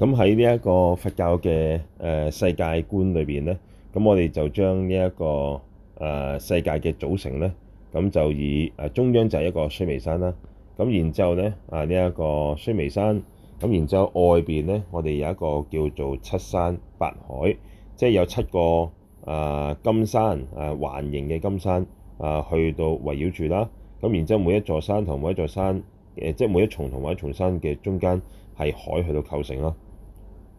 咁喺呢一個佛教嘅誒世界觀裏邊咧，咁我哋就將呢一個誒世界嘅組成咧，咁就以誒中央就係一個須彌山啦。咁然之後咧啊呢一個須彌山，咁然之後外邊咧，我哋有一個叫做七山八海，即係有七個誒金山誒環形嘅金山啊，去到圍繞住啦。咁然之後每一座山同每一座山誒，即係每一重同埋一重山嘅中間係海去到構成咯。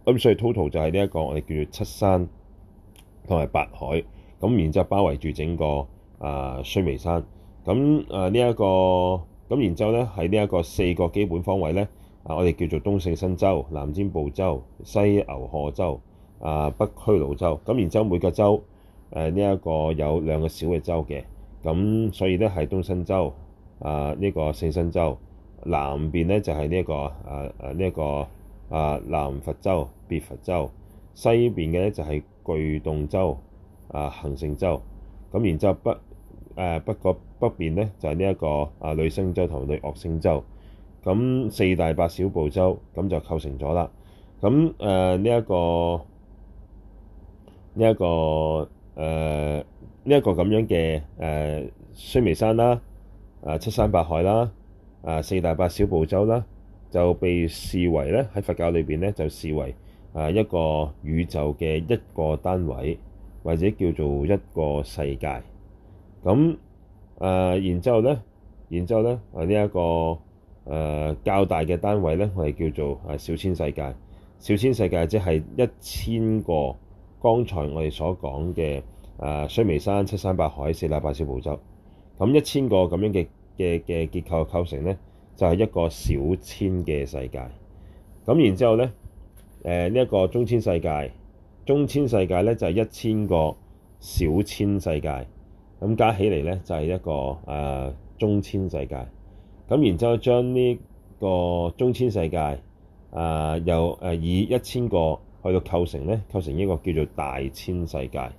咁所以 total 就係呢一個我哋叫做七山同埋八海，咁然之後包圍住整個啊、呃、須彌山，咁啊、呃這個、呢一個咁然之後咧係呢一個四個基本方位咧啊、呃、我哋叫做東勝身洲、南贍部洲、西牛賀洲啊、呃、北俱盧洲，咁然之後每個州誒呢一個有兩個小嘅州嘅，咁所以咧係東身洲啊呢、呃這個勝身洲南邊咧就係呢一個啊啊呢一個。呃這個啊南佛州、別佛州，西邊嘅咧就係巨洞洲、啊恆盛洲，咁然之後北誒北，北，北，北邊、這個北邊咧就係呢一個啊雷聲洲同雷惡聲洲，咁四大八小部洲咁就構成咗啦。咁誒呢一個呢一、這個誒呢一個咁樣嘅誒須彌山啦，啊七山八海啦，啊四大八小部洲啦。就被視為咧喺佛教裏邊咧就視為啊一個宇宙嘅一個單位，或者叫做一個世界。咁誒、呃，然之後咧，然之後咧、這個呃，我呢一個誒較大嘅單位咧，我哋叫做啊小千世界。小千世界即係一千個剛才我哋所講嘅誒須彌山七山八海、四大八小部洲。咁一千個咁樣嘅嘅嘅結構構成咧，就係、是、一個小千嘅世界，咁然之後咧，誒呢一個中千世界，中千世界咧就係一千個小千世界，咁加起嚟咧就係一個誒、呃、中千世界。咁然之後將呢個中千世界啊、呃，又誒以一千個去到構成咧，構成一個叫做大千世界。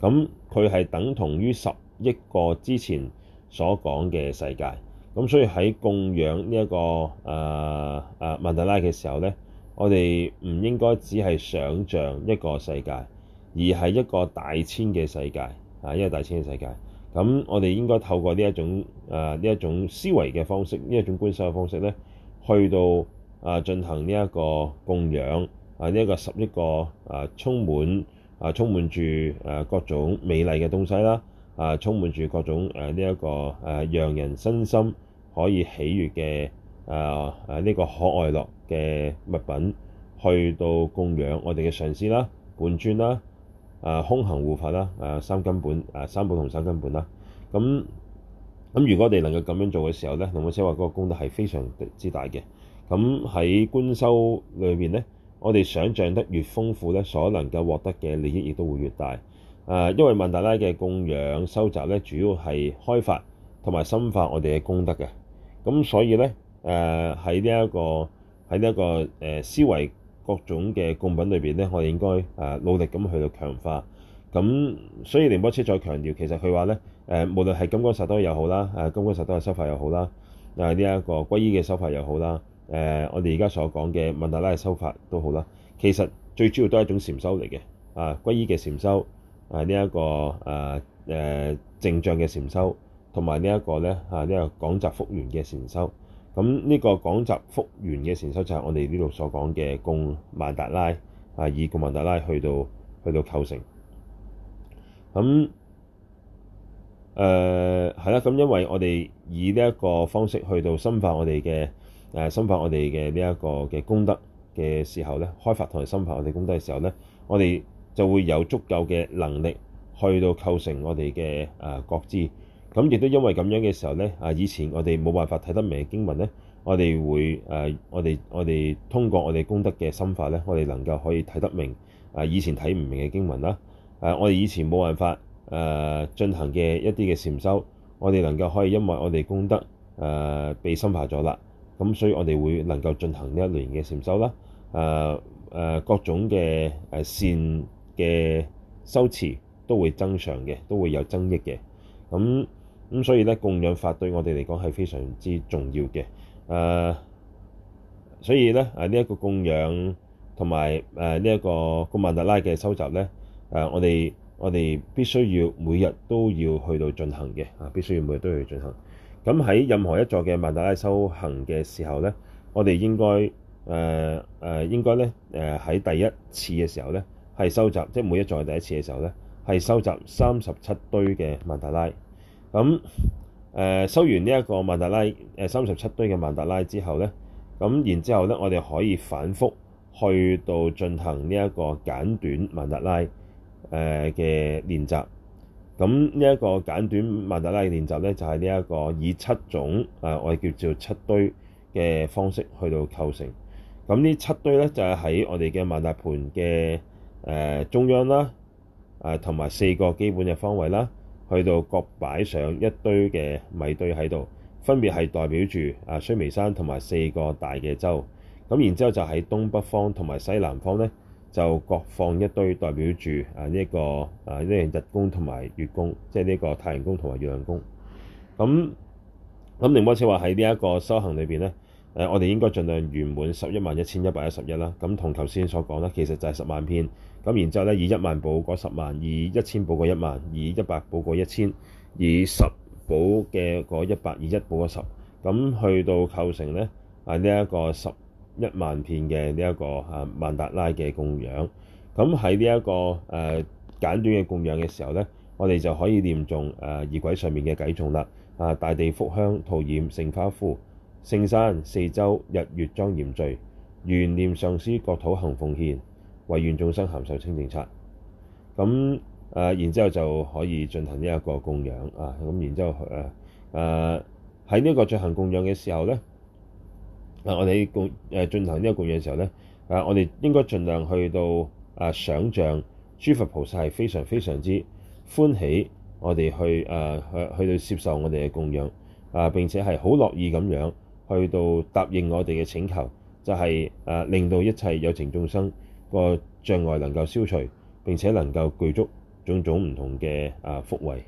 咁佢係等同於十億個之前所講嘅世界。咁所以喺供養呢、這、一個誒誒曼達拉嘅時候咧，我哋唔應該只係想像一個世界，而係一個大千嘅世界啊，一個大千嘅世界。咁我哋應該透過呢一種誒呢、啊、一種思維嘅方式，呢一種觀想嘅方式咧，去到啊進行呢一個供養啊呢一、這個十億個誒、啊、充滿啊充滿住誒各種美麗嘅東西啦啊充滿住各種誒呢一個誒讓人身心可以喜悅嘅啊啊呢、啊這個可愛樂嘅物品去到供養我哋嘅上師啦，本尊啦，啊空行護法啦，啊三根本啊三寶同三根本啦。咁咁如果我哋能夠咁樣做嘅時候咧，同我哋即係話嗰個功德係非常之大嘅。咁喺觀修裏面咧，我哋想像得越豐富咧，所能夠獲得嘅利益亦都會越大。啊，因為曼達拉嘅供養收集咧，主要係開發同埋深化我哋嘅功德嘅。咁所以咧，誒喺呢一個喺呢一個誒、呃、思維各種嘅供品裏邊咧，我哋應該誒、呃、努力咁去到強化。咁所以仁波切再強調，其實佢話咧，誒、呃、無論係金剛薩埵又好啦，誒、呃、金剛薩埵嘅修法又好啦，啊呢一個皈依嘅修法又好啦，誒、呃、我哋而家所講嘅曼達拉嘅修法都好啦，其實最主要都係一種禪修嚟嘅，啊皈依嘅禪修，啊呢一個誒誒正像嘅禪修。同埋呢一個咧，啊呢個廣澤福源嘅禪修。咁呢個廣澤福源嘅禪修，就係我哋呢度所講嘅供曼達拉啊，以供曼達拉去到去到構成咁誒係啦。咁、呃、因為我哋以呢一個方式去到深化我哋嘅誒深化我哋嘅呢一個嘅功德嘅時候咧，開發同埋深化我哋功德嘅時候咧，我哋就會有足夠嘅能力去到構成我哋嘅誒國資。咁亦都因為咁樣嘅時候呢，啊！以前我哋冇辦法睇得明嘅經文呢，我哋會誒，我哋我哋通過我哋功德嘅心法呢，我哋能夠可以睇得明啊！以前睇唔明嘅經文啦，誒，我哋以前冇辦法誒進行嘅一啲嘅禪修，我哋能夠可以因為我哋功德誒被深化咗啦，咁所以我哋會能夠進行呢一類型嘅禪修啦，誒誒各種嘅誒善嘅修持都會增上嘅，都會有增益嘅咁。咁所以咧，供養法對我哋嚟講係非常之重要嘅、呃。所以咧，啊呢一、這個供養同埋呢一個、這個曼達拉嘅收集咧、啊，我哋我哋必須要每日都要去到進行嘅。啊，必須要每日都要去進行。咁喺任何一座嘅曼達拉修行嘅時候咧，我哋應該誒誒應該咧喺、呃、第一次嘅時候咧係收集，即、就是、每一座嘅第一次嘅時候咧係收集三十七堆嘅曼達拉。咁誒收完呢一個曼達拉誒三十七堆嘅曼達拉之後咧，咁然之後咧，我哋可以反覆去到進行呢一個簡短曼達拉誒嘅、呃、練習。咁呢一個簡短曼達拉嘅練習咧，就係呢一個以七種誒、呃、我哋叫做七堆嘅方式去到構成。咁呢七堆咧就係、是、喺我哋嘅曼達盤嘅誒、呃、中央啦，誒同埋四個基本嘅方位啦。去到各擺上一堆嘅米堆喺度，分別係代表住啊須彌山同埋四個大嘅洲。咁然之後就喺東北方同埋西南方咧，就各放一堆代表住啊呢一個啊呢樣日宮同埋月宮，即係呢個太陽宮同埋月亮宮。咁咁寧波車話喺呢一個修行裏邊咧。誒，我哋應該盡量圓滿十一萬一千一百一十一啦。咁同頭先所講咧，其實就係十萬片。咁然之後咧，以一萬補過十萬，以一千補過一萬，以一百補過一千，以十補嘅嗰一百，以一補個十。咁去到構成咧啊呢一、這個十一萬片嘅呢一個啊曼達拉嘅供養。咁喺呢一個誒、呃、簡短嘅供養嘅時候咧，我哋就可以念誦誒儀軌上面嘅偈頌啦。啊大地福香吐豔盛花敷。聖山四周日月莊嚴聚，懸念上師國土行奉獻，為願眾生含受清淨剎。咁誒、啊，然之後就可以進行一個供養啊。咁然之後誒誒喺呢個進行供養嘅時候咧，啊，我哋供誒進行呢個供養嘅時候咧，啊，我哋應該盡量去到啊，想像諸佛菩薩係非常非常之歡喜我哋去誒、啊、去、啊、去到接受我哋嘅供養啊，並且係好樂意咁樣。去到答應我哋嘅請求，就係、誒、令到一切有情眾生個障礙能夠消除，並且能夠具足種種唔同嘅福慧。